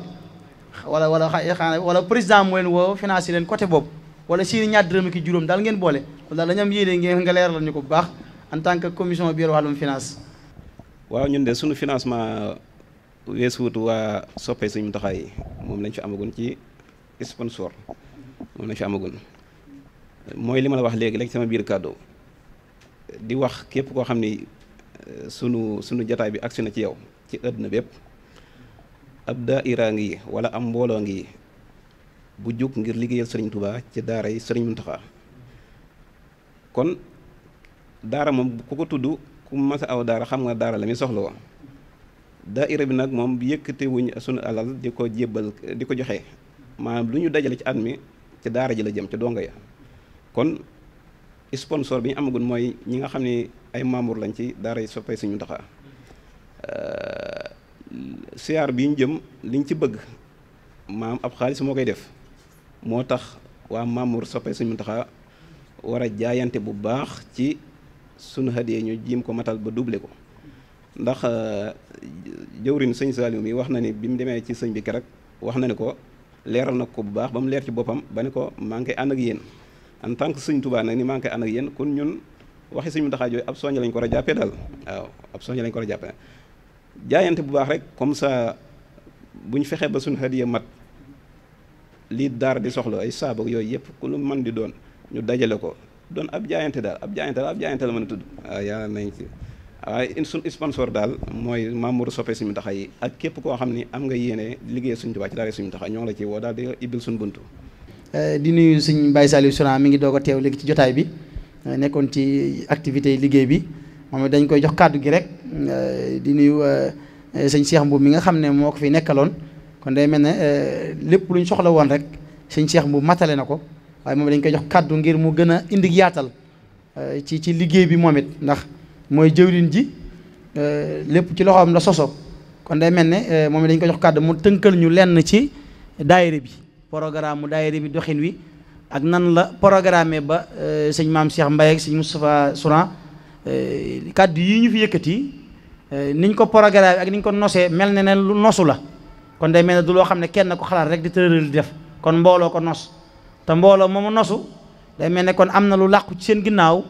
wala wala xanaa wala président mooy leen woo financé leen côté boobu wala si ñaar dërëm ki juróom daal ngeen boole wala dañu am yéene ngeen nga leeral ñu ko bu baax en tant que commission bi yor wàllum finance. waaw ñun de sunu financement weesuwut waa soppee suñu Muntaxa yi moom lañ fi amagun ci sponsor moom lañ fi amagun mooy li ma la wax léegi léegi sama biir kàddu di wax képp koo xam ni sunu sunu jataay bi agsi na ci yow ci àdduna bépp ab daaira ngi wala am mbooloo ngi bu jóg ngir liggéeyal sëriñ Touba ci daara yi sëriñ Mountakha kon daara moom ku ko tudd ku mas aw daara xam nga daara la muy soxla woon daaira bi nag moom yëkkate wuñ sunu alal di ko jébbal di ko joxe maanaam lu ñu dajale ci at mi ci daara ji la jëm ci dongo ya kon sponsor bi ñu amagul mooy ñi nga xam ni ay membres lañ ci daara yi soppay suñ Mountakha siyaar bi ñu jëm liñ ci bëgg maam ab xaalis moo koy def moo tax waa Mamour soppe suñu taxa war a jaayante bu baax ci suñu sunu hadiya ñu jiim ko matal ba doublé ko ndax euh, jëwrin sëñ Saliou mi wax na ni bi mu demee ci sëñ bi keroog wax na ne ko leeral na ko bu baax ba mu leer ci boppam ba ne ko maa ngi koy ànd ak yéen en tant que sëñ Tuubaa nag ni maa ngi koy ànd ak yéen kon ñun waxi sëñ Muntaxaa jooyu ab soññ lañ ko war a jàppee daal waaw ab soññ lañ ko war jàppee jaayante bu baax rek comme sa bu ñu fexee ba suñu hadiya mat lii daar di soxla ay saabak yooyu yëpp ku lu mën di doon ñu dajale ko doon ab jaayante daal ab jaayante daal ab jaayante la mën a tudd waaw ah, yàlla nañ ci waaye ah, suñ sponsor daal mooy Mamour soppe suñu taxa yi ak képp koo xam ni am nga yéene liggéey suñ tubaab ci daara suñu taxa ñoo la ci woo daal di ibbil suñu buntu eh, di nuyu suñ Baye Saliou Souran mi ngi doog a teew léegi ci jotaay bi eh, nekkoon ci activité liggéey bi moom it dañ koy jox kàddu gi rek euh, di nuyu euh, sëñ Cheikh Mboub mi nga xam ne moo ko fi nekkaloon kon day mel ne euh, lépp lu ñu soxla woon rek sëñ Cheikh Mboub matale na ko waaye moom dañ koy jox kàddu ngir mu gën a indi yaatal ci ci liggéey bi moom it ndax mooy jëwriñ ji lépp ci loxoom la soso kon day mel ne moom it dañ koy jox kàddu mu tënkal ñu lenn ci daayira bi programme mu daayira bi doxin wi ak nan la programme ba sëñ maam Cheikh Mbaye ak sëñ Moustapha Souran Euh, kàddu yi ñu fi yëkkati euh, niñ ko programme ak niñ ko nosee mel na ne lu nosu la kon day mel ne du loo xam ne kenn ko xalaat rek di tëral di def kon mbooloo ko nos te mbooloo moomu nosu day mel ne kon am na lu làqu ci seen ginnaaw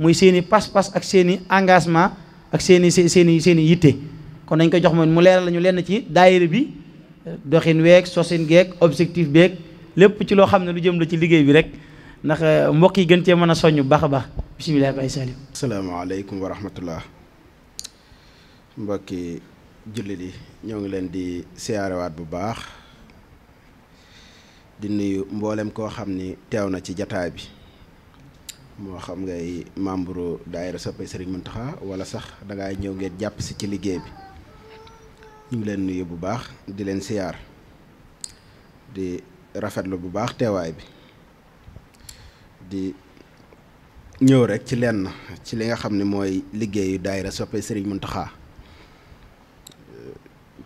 muy seen i pas-pas ak seeni engagement ak seeni i seen i seen yitte kon dañ ko jox moom mu leeral la ñu lenn ci daayira bi doxin weeg sosin geeg objectif beeg lépp ci loo xam ne lu jëm la ci liggéey bi rek ndax euh, mbokk yi gën cee mën a soññ baax a baax bisimilah Baye Salim. asalaamaaleykum wa rahmatullah mbokki jullit yi ñoo ngi leen di siyaarewaat bu baax di nuyu mboolem koo xam ni teew na ci jataay bi moo xam ngay membre daayira soppe Sëriñ Muntaxa wala sax dangay ñëw ngeen jàpp si ci liggéey bi ñu ngi leen nuyu bu baax di leen siyaar di rafetlu bu baax teewaay bi di. ñëw rek ci lenn ci li nga xam ni mooy liggéeyu daayira soppe Serigne Mountakha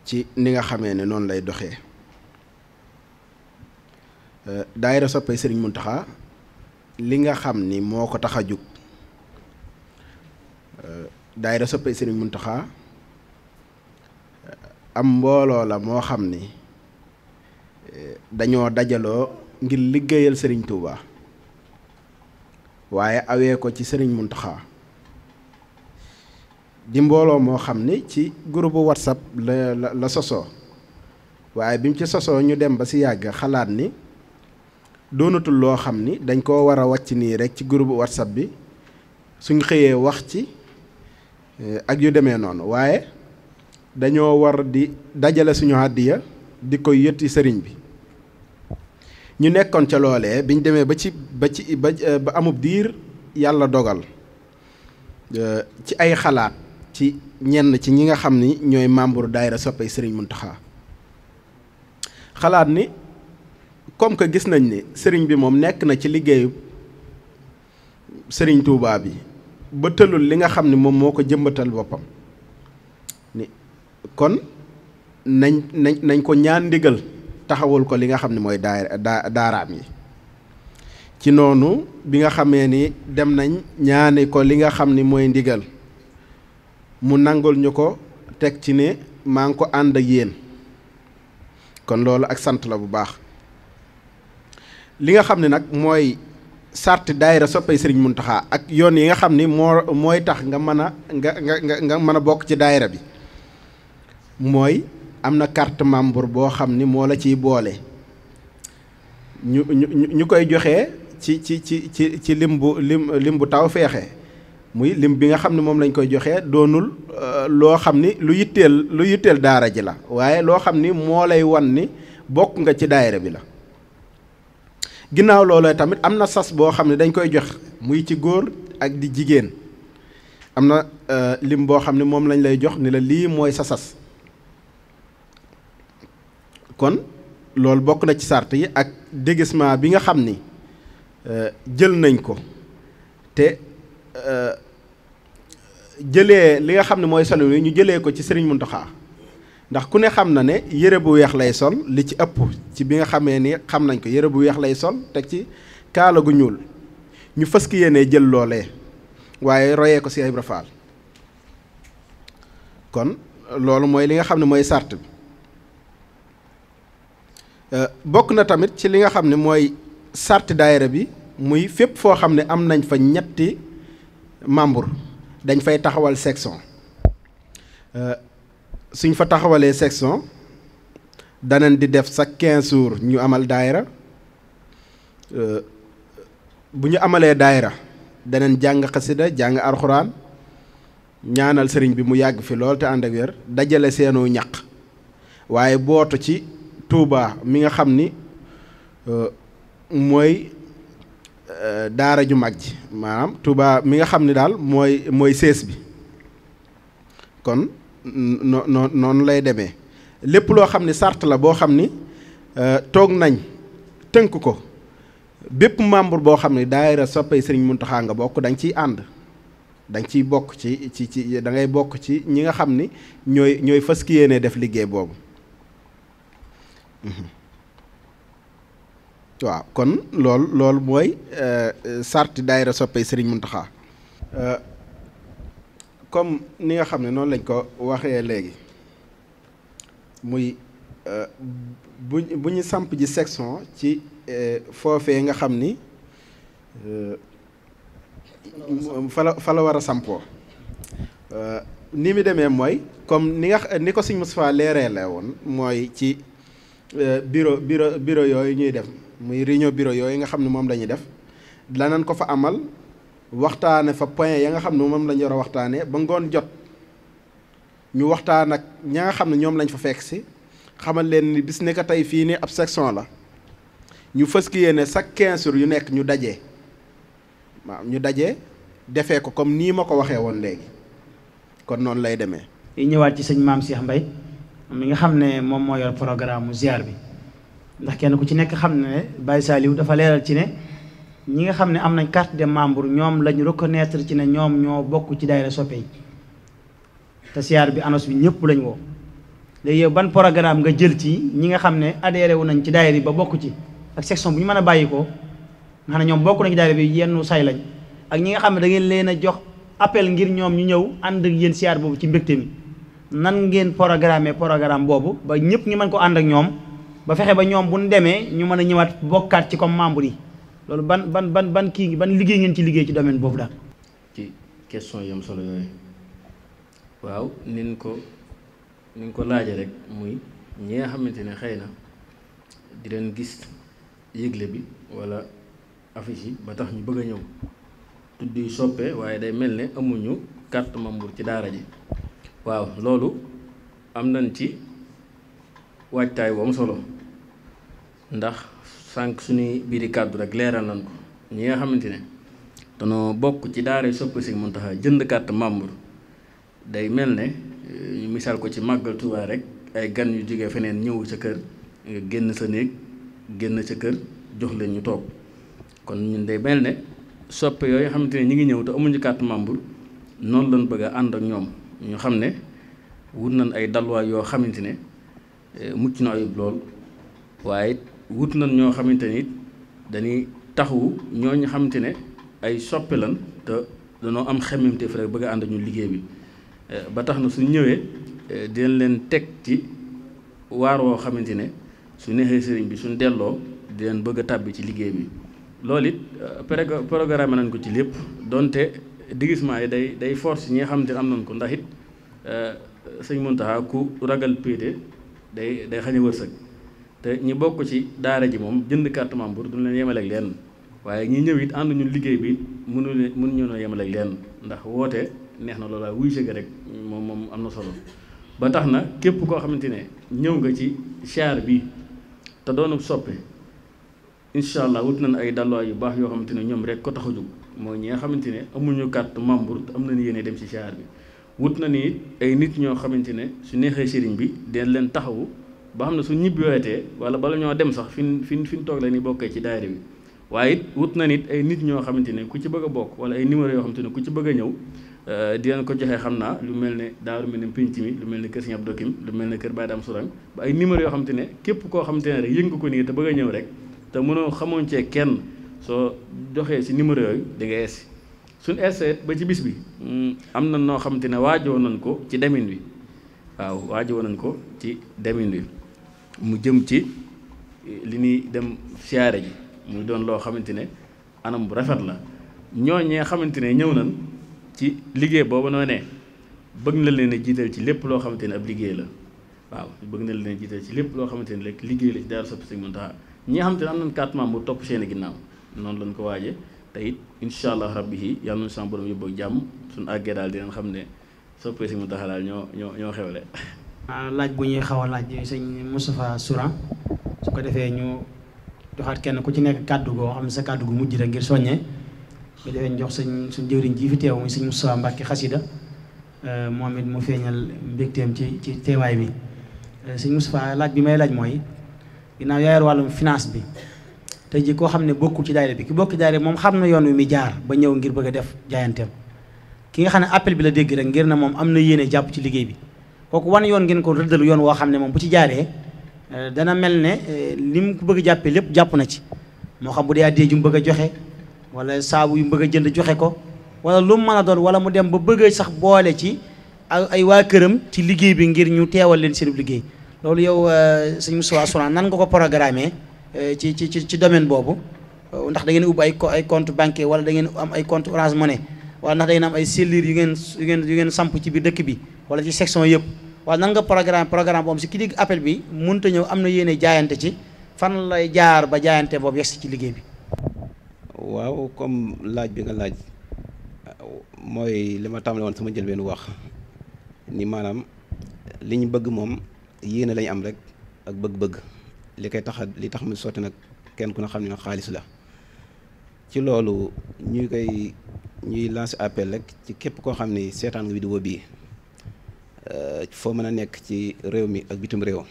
ci ni nga xamee ne noonu lay doxee daayira soppe Serigne Mountakha li nga xam ni moo ko tax a jug daayira soppe Serigne Mountakha am mbooloo la moo xam ni dañoo dajaloo ngir liggéeyal sëriñ Touba. waaye awee ko ci sëriñ Muntaxa di mbooloo moo xam ni ci groupe whatsapp la la sosoo waaye bi mu ci sosoo ñu dem ba si yàgg xalaat ni doonatul loo xam ni dañ koo war a wàcc nii rek ci groupe whatsapp bi suñ xëyee wax ci eh, ak yu demee noonu waaye dañoo war di dajale suñu àddiya di koy yëtti sëriñ bi ñu nekkoon ca loolee biñ demee ba ci ba ci ba eh, ba diir yàlla dogal eh, ci ay xalaat ci ñenn ci ñi nga xam ni ñooy membre daayira soppey sëriñ Muntaxa xalaat ni comme que gis nañ ni sëriñ bi moom nekk na ci liggéeyu sëriñ Touba yi ba tëlul li nga xam ni moom moo ko jëmbatal boppam ni kon nañ nañ nañ ko ñaan ndigal taxawul ko li nga xam ne mooy daa daa daaraam yi ci noonu bi nga xamee ni dem nañ ñaani ko li nga xam ni mooy ndigal mu nangul ñu ko teg ci ne maa ngi ko ànd ak yéen kon loolu ak sant la bu baax li nga xam ne nag mooy sart daayira soppay sëriñ Muntaxa ak yoon yi nga xam ni moo mooy tax nga mën a nga nga nga mën a bokk ci daayira bi mooy am na carte membre boo xam ni moo la ciy boole ñu ñu ñu koy joxe ci ci ci ci ci lim bu lim bu taw feexe muy lim bi nga xam ne moom lañ koy joxe doonul euh, loo xam ni lu yitteel lu yitteel daara ji la waaye loo xam ni moo lay wan ni bokk nga ci daayira bi la ginnaaw looloo tamit am na sas boo xam ne dañ koy jox muy ci góor ak di jigéen am na euh, lim boo xam ne moom lañ lay jox ni la lii mooy sa sas kon loolu bokk na ci sart yi ak dégisement bi nga xam ni euh, jël nañ ko te euh, jële li nga xam ne mooy solo yi ñu jëlee ko ci Serigne Mountakha ndax ku ne xam na ne yére bu weex lay sol li ci ëpp ci bi nga xamee ni xam nañ ko yére bu weex lay sol teg ci kaala gu ñuul ñu fës ki yéenee jël loole waaye royee ko Cheikh Ibra Fall kon loolu mooy li nga xam ne mooy sart bi Euh, bokk na tamit ci li nga xam ne mooy sart daayira bi muy fépp foo xam ne am nañ fa ñetti membre dañ fay taxawal section euh, suñ fa taxawalee section danañ di def chaque quinze jours ñu amal daayira euh, bu ñu amalee daayira daneen jàng xasida jàng alxuraan ñaanal sëriñ bi mu yàgg fi lool te ànd dajale seenu ñaq waaye bootu ci Touba mi nga xam ni euh, mooy euh, daara ju mag ji maanaam Touba mi nga xam ni daal mooy mooy sees bi kon no no noonu lay demee lépp loo xam ni sart la boo xam ni euh, toog nañ tënk ko bépp membre boo xam ni daayira soppee sëriñ Muntaxa nga bokk dañ ciy ànd dañ ciy bokk ci ci ci dangay bokk ci ñi nga xam ni ñooy ñooy fas yéene def liggéey boobu Mm-hmm. waaw kon loolu loolu mooy euh, sarti daayira soppey Serigne Mountakha euh, comme ni nga xam ne noonu lañ ko waxee léegi muy euh, bu bu ñu samp ji section ci foofee nga xam ni fala fala war a sampoo ni mu demee mooy comme ni nga ni ko Serigne Moustapha leeree la woon mooy ci Euh, bureau bureau bureau yooyu ñuy def muy réunion bureau yooyu nga xam ne moom la def danañ ko fa amal waxtaane fa point ya nga xam ne moom la waxtaanee ba ngoon jot ñu waxtaan ak ña xam ne ñoom lañ fa fekk si xamal leen ni bis ne ka tey fii nii ab section la ñu fës ki yéene chaque quinze jours yu nekk ñu daje waaw ñu daje defee ko comme nii ma ko waxee woon léegi kon noonu lay demee. ñëwaat ci sëñ maam Cheikh Mbaye mi nga xam ne moom moo yor programme mu ziar bi ndax kenn ku ci nekk xam ne bàyyi saaliw dafa leeral ci ne ñi nga xam ne am nañ carte de membre ñoom lañu reconnaître ci ne ñoom ñoo bokk ci daayira soppe yi te ziar bi annonce bi ñëpp lañ woo léegi yow ban programme nga jël ci ñi nga xam ne adhéré wu nañ ci daayira bi ba bokk ci ak section bu ñu mën a bàyyi ko nax xam ñoom bokk nañ ci daayira bi yenn say lañ ak ñi nga xam ne da ngeen leen a jox appel ngir ñoom ñu ñëw ànd ak yéen ziar boobu ci mbégte mi nan ngeen programme programme boobu ba ñëpp ñu mën ko ànd ak ñoom ba fexe ba ñoom bu ñu demee ñu mën a ñëwaat bokkaat ci comme membre yi loolu ban ban ban ban kii ban liggéey ngeen ci liggéey ci domaine boobu daal. ci question yam solo yooyu waaw nin ko nin ko laaje rek muy ñi nga xamante ne xëy na di leen gis yëgle bi walla affiche yi ba tax ñu bëgg a ñëw tudd yu soppee waaye day mel ne amuñu carte membre ci daara ji. waaw loolu am nañ ci waajtaay bu am solo ndax sànq suñuy biiri kàddu rek leeral nañ ko ñi nga xamante ne danoo bokk ci daara Sopé Serigne Mountakha jënd carte membre day mel ne eh, ñu misaal ko ci màggal Tuubaa rek ay gan yu jógee feneen ñëw sa kër eh, génn sa néeg génn sa kër jox leen ñu toog kon ñun day mel ne soppe yooyu xamante ne ñu ngi ñëw te amuñu carte membre noonu lañ bëgg a ànd ak ñoom ñu xam ne wut nañ ay dalluwaay yoo xamante ne eh, mucc na ayub lool waaye wut nañ ñoo xamante nit dañuy taxawu ñooñu xamante ne ay soppe lan te danoo am xemmemteef rek bëgg a ànd ñu liggéey bi eh, ba tax na su ñëwee eh, dinañ leen teg ci waar woo xamante ne su neexee sëriñ bi suñ delloo di leen bëgg a tàbbi ci liggéey bi loolu it programme nañ ko ci lépp donte. déguisement yi day day force ñi nga xamante am nañ ko ndax it euh, sëñ Muntaxa ku ragal péete day day xañ a wërsëg te ñi bokk ci daara ji moom jënd carte membre duñ leen yemaleek ak lenn waaye ñi ñëw it ànd ñu liggéey bi mënu leen mënu ñu noo yemale ak lenn ndax woote neex na loola wuy sëgg rek moom moom am na solo ba tax na képp koo xamante ne ñëw nga ci char bi te doonub soppe incha allah wut na ay dalluwaay yu baax yoo xamante ne ñoom rek ko tax a mooy ñi nga xamante ne amuñu carte membre te am nañu yéene dem ci siyaar bi wut na ni ay nit ñoo xamante ne su neexee sëriñ bi dinañ leen taxawu ba xam ne su ñibbi weetee wala bala ñoo dem sax fi fin fi ñu toog la ni bokkee ci daayira bi waaye it wut na nit ay nit ñoo xamante ne ku ci bëgg a bokk wala ay numéro yoo xamante ne ku ci bëgg a ñëw euh, di leen ko joxee xam naa lu mel ne daaru mel ne pinc mi lu mel ne kër Sëñ Abdou Kim lu mel ne kër Baye Dame Sourang ba ay numéro yoo xamante ne képp koo xamante ne rek yëngu ko nii te bëgg a ñëw rek te mënoo xamoon cee kenn soo doxee si numéro yooyu di nga eesi suñ eesee ba ci bis bi mm. am na noo xamante ne waajoo nañ ko ci demin wi waaw waajoo nañ ko ci demin wi mu jëm ci eh, li ñuy dem siyaare ji muy doon loo xamante ne anam bu rafet la ñooñee xamante ne ñëw nañ ci liggéey boobu noo ne bëgg na leen a jiital ci lépp loo xamante ne ab liggéey la waaw bëgg na leen a jiital ci lépp loo xamante ne rek liggéey la ci daara soppi sëñ Muntaxa ñi nga xamante am nañ quatre membres topp seen i noonu lañ ko waaje te it incha allah rabbi yàlla nañu sama borom yóbbu jàmm suñu àggee daal dinañ xam ne soppee si mu taxa daal ñoo ñoo ñoo xewle ah, laaj bu ñuy xaw a laaj sëñ Moustapha Souran su ko defee ñu joxaat kenn ku ci kàddu goo xam ne sa mujj rek ngir soññee bu defee jox sañ suñ jëwriñ ji fi teew muy sëñ Moustapha Mbacke xasida euh, moom it mu feeñal mbégteem ci ci teewaay bi euh, sëñ Moustapha laaj bi may laaj mooy ginnaaw yaa wàllum finance bi te ji koo xam ne bokkul ci daayira bi ki bokk ci daayira moom xam na yoon wi muy jaar ba ñëw ngir bëgg a def jaayanteem ki nga xam ne appel bi la dégg rek ngir na moom am na yéene jàpp ci liggéey bi kooku wan yoon ngeen ko rëddalu yoon woo xam ne moom bu ci jaaree euh, dana mel ne euh, li mu bëgg a jàppee lépp jàpp na ci moo xam bu dee addee ju mu bëgg a joxe wala saabu yu mu bëgg a jënd joxe ko wala lu man a doon wala mu dem ba bëgg sax boole ci ay waa këram ci liggéey bi ngir ñu teewal leen seen liggéey loolu yow euh, sëñ Moussa Sourang nan nga ko programme Eh, ci ci ci ci domaine boobu eh, ndax dangeen ngeen ubbi ay ay compte bancaire wala da ngeen am ay compte Orange Money wala ndax da ngeen am ay cellule yu ngeen yu ngeen yu ngeen samp ci biir dëkk bi wala ci section yëpp wala nan nga programme programme boobu si ki digg appel bi mënut a ñëw am na yéene jaayante ci fan lay jaar ba jaayante boobu yegsi ci liggéey bi waaw comme laaj bi nga laaj mooy li ma tàmbale woon su ma jël njëlbeen wax ni maanaam li ñu bëgg moom yéene lañu am rek ak bëgg li koy tax li tax mu sotti nag kenn ku ne xam ne xaalis la ci loolu ñu koy ñuy lancer appel rek ci képp koo xam ni seetaan nga vidéo bii euh, foo mën a nekk ci réew mi ak bitim réew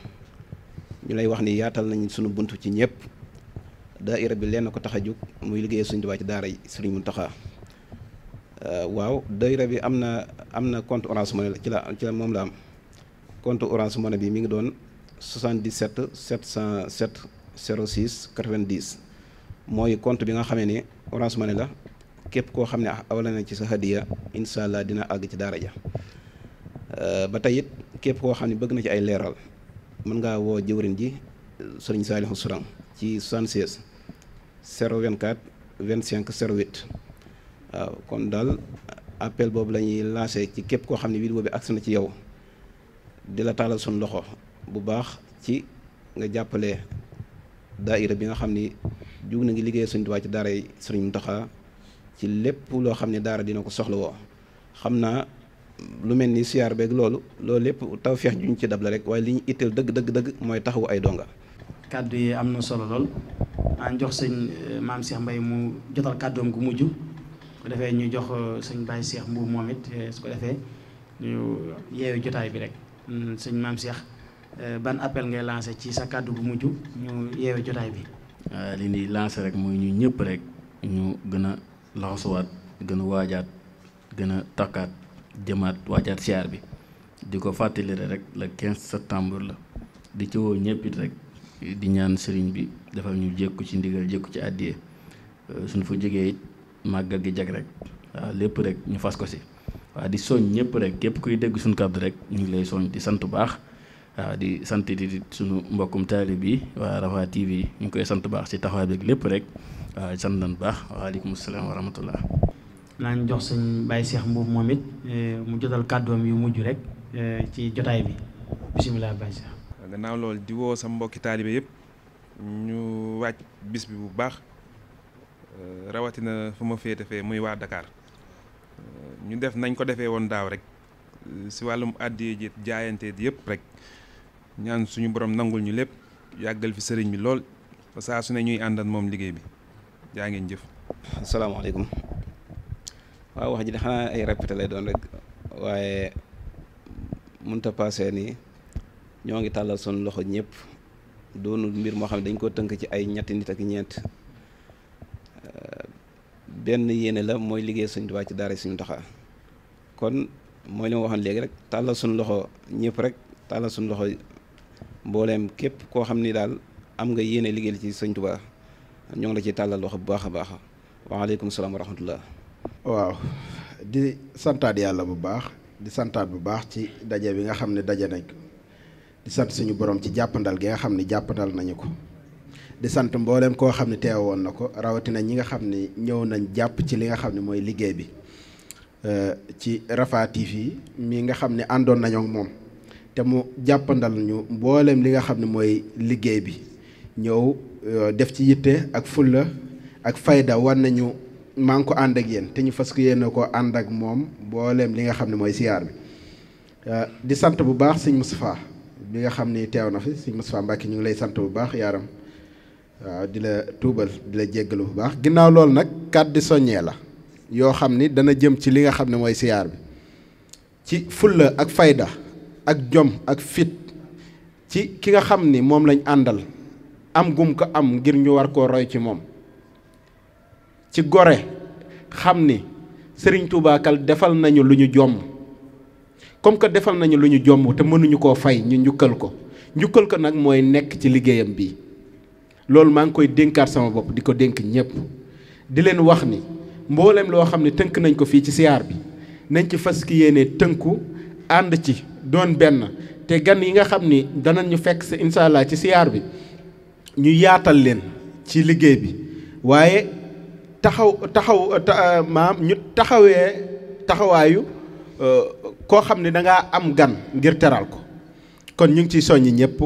ñu lay wax ni yaatal nañ suñu bunt ci ñëpp daayira bi lenn ko tax a jóg muy liggéeyee Sëriñ Tuubaa ci daara Sëriñ Muntaxa euh, waaw daayira bi am na am na compte Orange Money ci la ci la moom la am compte Orange Money bi mi ngi doon 77 707 06 90 mooy compte bi nga xamee ne Orange Money la képp koo xam ne awla na ci sa hadiya incha allah dina àgg ci daara ja euh, ba tey it képp koo xam ne bëgg na ci ay leeral mën ngaa woo jëwrin ji sëriñ Saalihu Suram ci 76 024 sero 08 waaw kon daal appel boobu la ñuy lancé ci képp koo xam ne vidéo bi agsi na ci yow di la taalal suñu loxo bu baax ci nga jàppale daaira bi nga xam ni jug na ngi liggéey Sëriñ Tuubaa ci daara yi Sëriñ Muntaxa ci lépp loo xam ne daara dina ko soxla woo xam naa lu mel ni siyaar beeg loolu loolu lépp taw tawfeex juñ ci dab la rek waaye li ñu itteel dëgg dëgg mooy taxawu ay donga kàddu yi am na solo lool an jox sëñ eh, maam seex mbay mu jotal kàddoom gu mujj su ko defee ñu jox eh, sëñ Baye seex Mbuub moom it eh, su ko defee ñu yeewu jotaay bi rek mm, sëñ maam seex Euh, ban appel ngay lancé ci sa kàddu bu mujj ñu yeewe jotaay bi. Euh, li ñuy lancé rek mooy ñu ñëpp rek ñu gën a laxasuwaat gën a waajaat gën a takkaat jëmaat waajaat siyaar bi di ko fàttali rek la 15 septembre la di ci woo rek di ñaan sëriñ bi dafa ñu jékku ci ndigal jékku ci àddiyee euh, suñ fu jógee it màggal gi jag rek waaw lépp rek ñu fas ko si waa di soñ ñëpp rek képp kuy dégg suñ kàddu rek ñu ngi lay soñ di sant bu baax. waaw di sant di suñu mbokkum taalib yi waa Rafah TV ñu ngi koy sant baax ci taxawaay bi lépp rek waaw sant baax waaleykum salaam wa rahmatullah. naa ñu jox sëñ Baye Cheikh Mbuub moom it eh, mu jotal kàddoom yu mujj rek eh, ci jotaay bi bisimilah Baye Cheikh. gannaaw lool di woo sa mbokki taalibe yëpp ñu wàcc bis bi bu baax eh, rawatina fu ma féete fee muy waa Dakar ñu def nañ ko defee woon daaw rek si wàllum àddi ji jaayante yëpp rek. ñaan suñu boroom nangul ñu lépp yàggal fi sëriñ bi lool ba saa su ne ñuy àndan moom liggéey bi jaa ngeen jëf. asalaamaaleykum waaw wax ji de xanaa ay répété lay doon rek waaye mënut a ni ñoo ngi tàllal suñu loxo ñëpp doonul mbir moo xam dañ ko tënk ci ay ñetti nit ak ñeent benn yéene la mooy liggéey suñu Tuubaa ci daara suñu taxaa kon mooy li léegi rek tàllal suñu loxo ñëpp rek tàllal suñu loxo. mbooleem képp koo xam ni daal am nga yéene liggéeyal ci sëñ tubaa ñoo ngi la ci tàllal loxo bu baax a baax waaleykum salaam wa waaw di santaat yàlla bu baax di santaat bu baax ci daje bi nga xam ne daje nañ di sant suñu borom ci jàppandal gi nga xam ne jàppandal nañu ko di sant mbooleem koo xam ne teewoon na ko rawatina ñi nga xam ne ñëw nañ jàpp ci li nga xam ne mooy liggéey bi euh, ci Rafah TV mii nga xam ne àndoon nañoo moom. te mu jàppandal ñu mbooleem li nga xam ne mooy liggéey bi ñëw euh, def ci yitte ak fulla ak fayda war nañu maa ngi ko ànd ak yéen te ñu fas yéene ko ànd ak moom mbooleem li nga xam ne mooy siyaar bi euh, di sant bu baax sëñ Moustapha bi nga xam ni teew na fi sëñ Moustapha Mbacke ñu ngi lay sant bu baax yaaram waaw di la tuubal di la jéggalu bu baax ginnaaw loolu nag kàddu soññee la yoo xam ni dana jëm ci li nga xam ne mooy siyaar bi ci fulla ak fayda ak jom ak fit ci ki nga xam ni moom lañ àndal am gum ko am ngir ñu war koo roy ci moom ci gore xam ni sëriñ Tuubaa defal nañu lu ñu jomm comme que defal nañu lu ñu jomm te mënuñu koo fay ñu njukkal ko njukkal ko nag mooy nekk ci liggéeyam bi loolu maa ngi koy dénkaat sama bopp di ko dénk ñépp di leen wax ni mboolem loo xam ne tënk nañ ko fii ci siyaar bi nañ ci fas ki yéene tënku ànd ci doon benn te gan yi nga xam ni danañ ñu fekk sa incha allah ci siyaar bi ñu yaatal leen ci liggéey bi waaye taxaw taxaw maam ñu taxawee taxawaayu euh, koo xam ne da ngaa am gan ngir teral ko kon ñu ngi ciy soññ ñëpp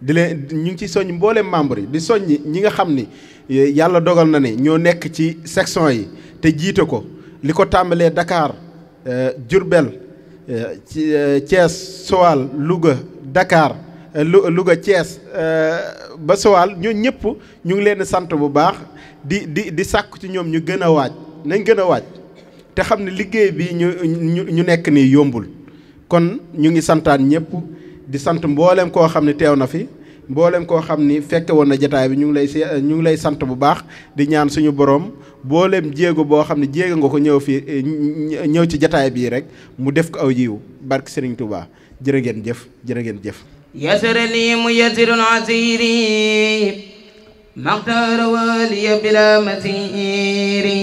di leen ñu ngi ciy soññ mbooleem membre yi di soññ ñi nga xam ni eh, yàlla dogal na ne ñoo nekk ci section yi te jiite ko li ko tàmbalee Dakar euh, Diourbel Euh, ci euh, Thiès Sowal Louga Dakar cees euh, Thiès ba Sowal ñoo ñëpp ñu ngi leen sant bu baax di di di sàkku ci ñoom ñu gën a waaj nañ gën a waaj te xam ne liggéey bi ñu ñu nekk nii yombul kon ñu ngi santaan ñëpp di sant mboolem koo xam ne teew na fi mboolem koo xam ni fekke woon na jataay bi ñu ngi lay eh, ñu ngi lay sant bu baax di ñaan suñu borom mboolem jéego boo xam ne jéego nga ko ñëw fii eh, ñëw ci jataay bii rek mu def ko aw yiw barke Serigne Touba jërë ngeen jëf jërë ngeen jëf. yasara lii mu yasirun asiri maxtaara waliya bila masiri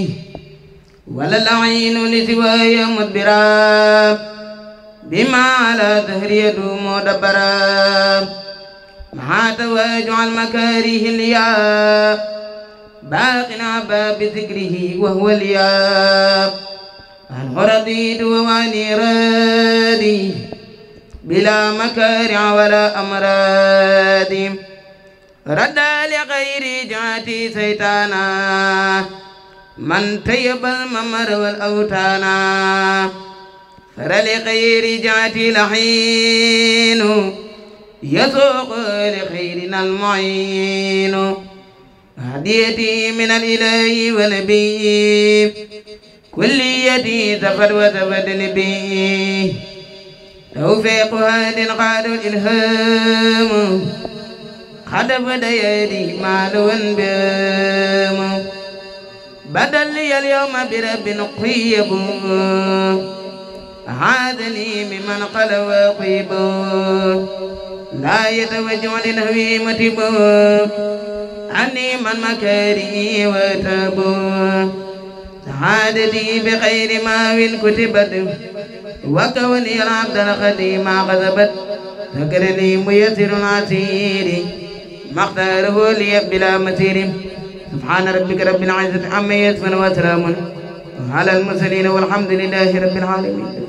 wala laayinu li siwaaya mudbirab bima la tahriya du moo dabarab محات واجعل مكاره الياء باقنا باب ذكره وهو الياء أنه رضيت وواني رادي بلا مكارع ولا أمراض ردى لغير جاتي سيطانا من تيب الممر والأوتانا فر لغير جاتي لحين يسوق لخيرنا المعين هديتي من الإله والنبي كليتي زفر وزفر نبي توفيق هاد قاد الإلهام قد بدا يدي مال بام بدل لي اليوم برب قيب عاد لي ممن قل وقيب لا يتوجه للهوي متب عني من مكاره وتاب عادتي بخير ما وين كتبت وكوني العبد القديم غذبت ذكرني ميسر عسيري ما اختاره لي بلا مسير سبحان ربك رب العزة عما يصفون وسلام على المرسلين والحمد لله رب العالمين